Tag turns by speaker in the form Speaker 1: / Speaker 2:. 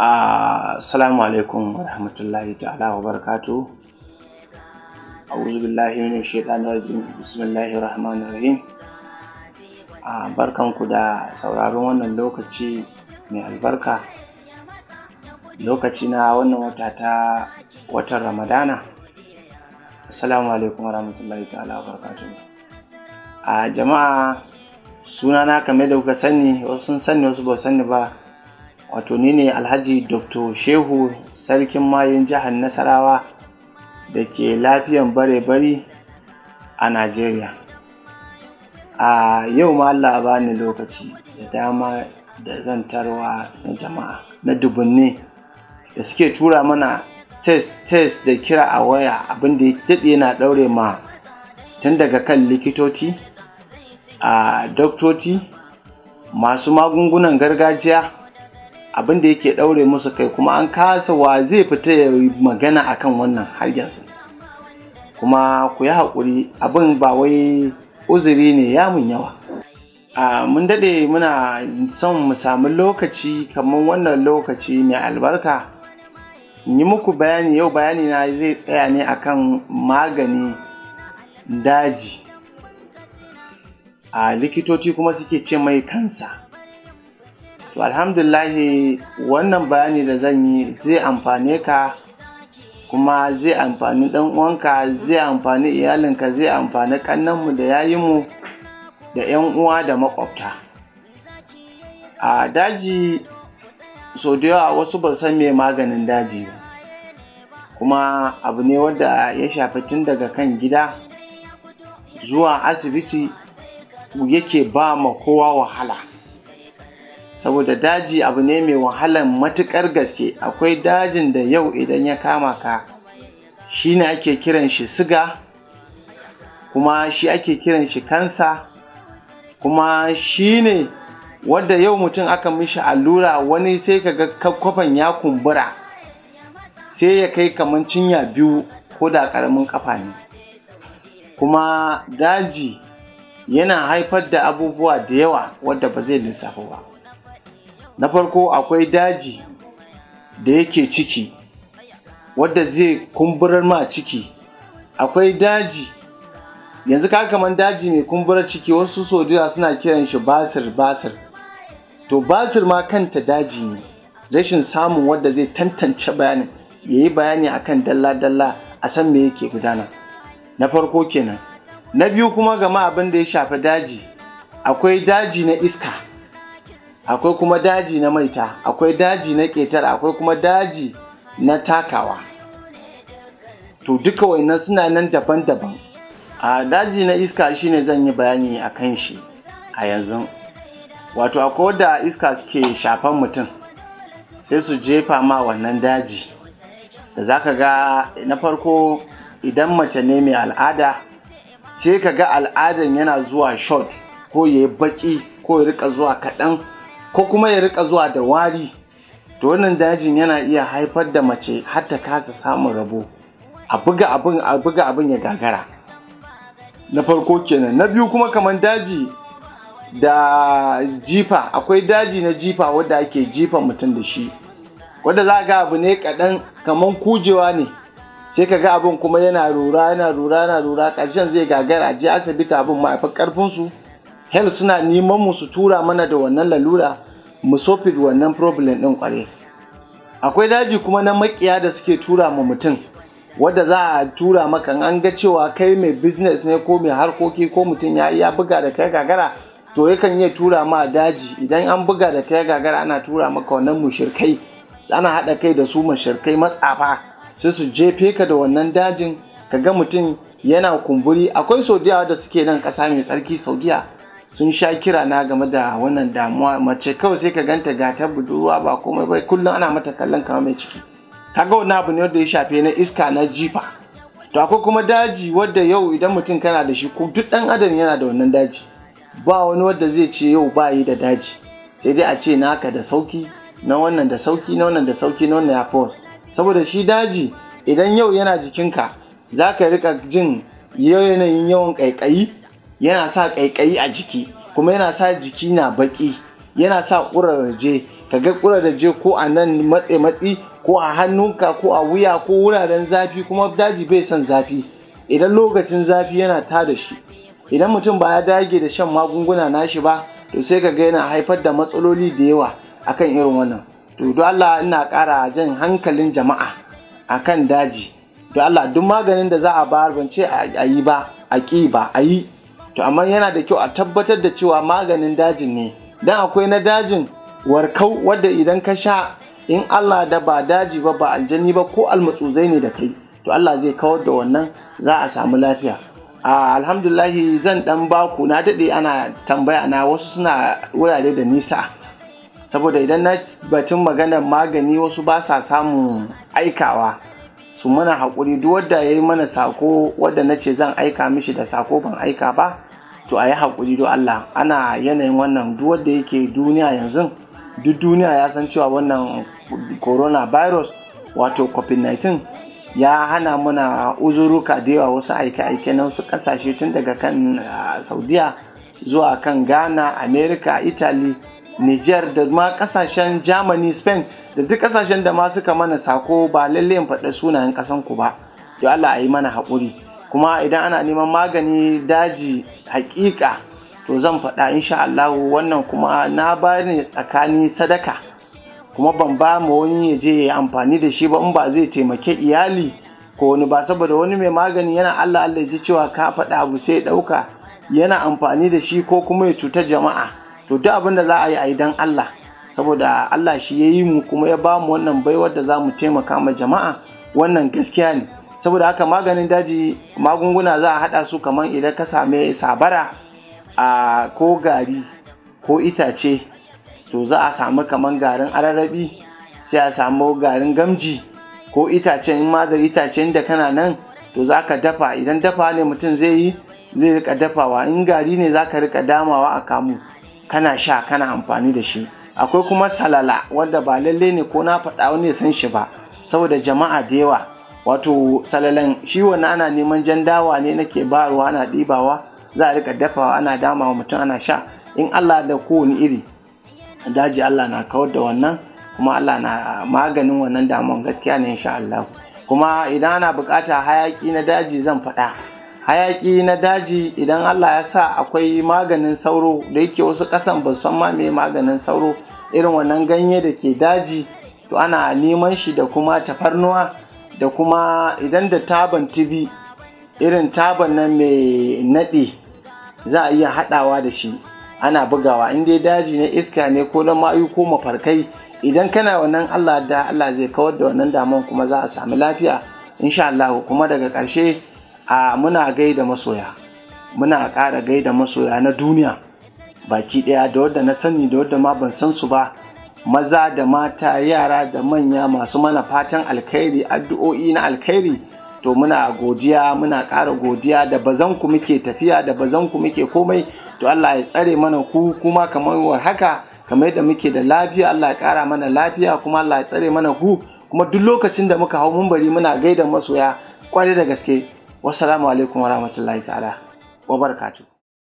Speaker 1: Assalamu alaikum wa rahmatullahi ta'ala wa barakatu. A'udhu billahi minash shaitanir rajim. Bismillahir rahmanir rahim. barkanku da sauraron wannan lokaci mai albarka. Lokaci na wannan wata ta watan Ramadana. Assalamu alaikum wa rahmatullahi ta'ala wa barakatu. A jama'a suna na kamar da kuka sani wasu sun sani wasu ba sani ba wato ni ne alhaji dr shehu sarkin mayun jihar nasarawa da ke lafiyan bare-bari a najeriya a yau ma allah bani lokaci da dama da zantarwa na jama'a na dubunne da suke tura mana test-test da kira a waya abinda ya daɗe na ɗaure ma tun daga kan likitoci a doktoci masu magungunan gargajiya abin da yake ɗaure musu kai kuma an kasa wa zai fita ya yi magana a kan wannan har yanzu kuma ku yi haƙuri abin ba wai uzuri ne ya mun yawa mun daɗe muna son mu samu lokaci kamar wannan lokaci mai albarka yi muku bayani yau bayani na zai tsaya ne akan magani daji a likitoci kuma suke ce mai kansa to alhamdulahi wannan bayani da zan yi zai amfane ka kuma zai amfani dan uwanka zai amfani iyalinka zai amfani kannanmu da mu da 'yan uwa da makwabta a daji sau da yawa wasu ba san me maganin daji ba kuma abu ne wanda ya shafi tun daga kan gida zuwa asibiti yake ba ma kowa wahala saboda daji abu ne mai wahalan matuƙar gaske akwai dajin da yau idan ya kama ka shi ne ake kiran shi siga kuma shi ake kiran shi kansa kuma shi ne wadda yau mutum aka mishi allura wani sai ka ga kwafan ya kumbura sai ya kai kamar cinya biyu ko da ƙaramin kafa ne kuma daji yana haifar da abubuwa da yawa wadda ba zai lissafa ba na farko akwai daji da yake ciki wadda zai kumburar ma ciki akwai daji yanzu ka kaman daji mai kumburar ciki wasu sodiya suna kiran shi basir basir to basir ma kanta daji ne rashin samun wadda zai tantance bayanin ya yi bayani akan dalla-dalla a san me yake gudana na farko kenan na biyu kuma gama abin da ya shafi daji akwai daji na iska akwai kuma daji na maita akwai daji na ƙetare akwai kuma daji na takawa to duka wainan suna nan daban-daban a daji na iska shine zan yi bayani a kan shi a yanzu wato akwai da iska suke shafan mutum sai su jefa ma wannan daji da za ka ga na farko idan mace ne mai al'ada sai ka ga al'adan yana zuwa short ko ya yi baki ko ya rika zuwa kaɗan ko kuma ya rika zuwa da wari to wannan dajin yana iya haifar da mace har ta kasa samun rabo a buga abin a buga abin ya gagara na farko kenan na biyu kuma kamar daji da jifa akwai daji na jifa wadda ake jifa mutum da shi wadda za ga abu ne kaɗan kamar kujewa ne sai ka ga abin kuma yana rura yana rura yana rura ƙarshen zai gagara je asibiti abin ma karfin su hell suna neman mu su tura mana da wannan lalura mu da wannan problem ɗin kware. akwai daji kuma na makiya da suke tura ma mutum wanda za a tura maka an ga cewa kai mai business ne ko mai harkoki ko mutum ya ya buga da kai gagara to yakan iya tura ma daji idan an buga da kai gagara ana tura maka wannan mushirkai ana haɗa kai da su mushirkai matsafa sai su jefe ka da wannan dajin ka ga mutum yana kumburi akwai saudiya da suke nan ƙasa mai tsarki saudiya sun sha kira na game da wannan damuwa mace kawai sai ka ganta ga ta budurwa ba komai bai kullum ana mata kallon kamar mai ciki kaga wani abu ne wanda ya shafe na iska na jifa to akwai kuma daji wadda yau idan mutum kana da shi ko duk dan adam yana da wannan daji ba wani wadda zai ce yau ba yi da daji sai dai a ce naka da sauki na wannan da sauki na wannan da sauki na wannan ya saboda shi daji idan yau yana jikinka za ka rika jin yanayin yawan ƙaiƙayi yana sa kaikayi a jiki kuma yana sa jiki na baki. yana sa ƙurarraje ka ga ƙurarraje ko a nan matse matsi ko a hannunka ko a wuya ko wuraren zafi kuma daji bai son zafi idan lokacin zafi yana ta da shi idan mutum ba ya dage da shan magunguna nashi ba to sai ka ga yana haifar da matsaloli da yawa akan irin wannan to don Allah ina ƙara jan hankalin jama'a akan daji don Allah duk maganin da za a bayar ban ce a yi ba a ƙi ba a yi to amma yana da kyau a tabbatar da cewa maganin dajin ne dan akwai na dajin warkau wadda idan ka sha in Allah da ba daji ba ba aljani ba ko almatsuzai ne da kai to Allah zai kawar da wannan za a samu lafiya alhamdulahi zan dan baku na daɗe ana tambaya na wasu suna wurare da nisa saboda idan na batun maganar magani wasu ba sa samun aikawa su mana haƙuri duk wadda ya yi mana sako wadda na ce zan aika mishi da sako ban aika ba to a yi haƙuri do Allah ana yanayin wannan duk wadda yake duniya yanzu duk duniya ya san cewa wannan coronavirus wato covid-19 ya hana mana uzuruka da yawa wasu aike-aike na wasu ƙasashe tun daga kan ah, saudiya zuwa kan ghana Amerika, italy niger da ma kasashen germany spain da duk kasashen da ma suka mana sako ba lalle in faɗa sunayen ƙasan ku ba to allah a yi mana haƙuri kuma idan ana neman magani daji haƙiƙa to zan faɗa insha Allah wannan kuma na bani tsakani sadaka kuma ban ba ma wani ya je ya amfani da shi ba in ba zai taimake iyali ko wani ba saboda wani mai magani yana Allah Allah ji cewa ka faɗa abu sai ya ɗauka yana amfani da shi ko kuma ya cuta jama'a to duk abin da za a yi a idan Allah saboda Allah shi ya yi mu kuma ya ba mu wannan baiwar da za mu taimaka ma jama'a wannan gaskiya ne saboda haka maganin daji magunguna za a haɗa su kamar idan ka same sabara a ko gari ko itace to za a samu kamar garin ararabi sai a samu garin gamji ko itacen ma da itacen da kana nan to za ka dafa idan dafa ne mutum zai yi zai rika dafawa in gari ne za ka rika damawa a kamu kana sha kana amfani da shi akwai kuma salala wanda ba lalle ne ko na faɗa wani ya san shi ba saboda jama'a da yawa wato salalan shi wani ana neman jan dawa ne nake bayarwa ana ɗibawa za a rika dafawa ana dama wa mutum ana sha in allah da kowane iri daji allah na kawar da wannan kuma allah na maganin wannan damuwan gaskiya ne insha allah kuma idan ana bukata hayaki na daji zan faɗa hayaƙi na daji idan Allah ya sa akwai maganin sauro da yake wasu ƙasan ba san ma mai maganin sauro irin wannan ganye da ke daji to ana neman shi da kuma tafarnuwa da kuma idan da taban tibi irin taban nan mai naɗe za a iya haɗawa da shi ana bugawa in dai daji na iska ne ko na mayu ko mafarkai idan kana wannan Allah da Allah zai kawar da wannan damuwan kuma za a sami lafiya insha Allah kuma daga ƙarshe a muna gaida masoya muna ƙara gaida masoya na duniya baki ɗaya da wadda na sani da wadda ma ban san su ba maza da mata yara da manya masu mana fatan alkhairi addu'o'i na alkhairi to muna godiya muna ƙara godiya da bazan ku muke tafiya da bazan ku muke komai to Allah ya tsare mana ku kuma kamar war haka kamar yadda muke da lafiya Allah ya ƙara mana lafiya kuma Allah ya tsare mana ku kuma duk lokacin da muka hau bari muna gaida masoya kwarai da gaske wassalamu alaikum warahmatullahi ta'ala wa barakatuh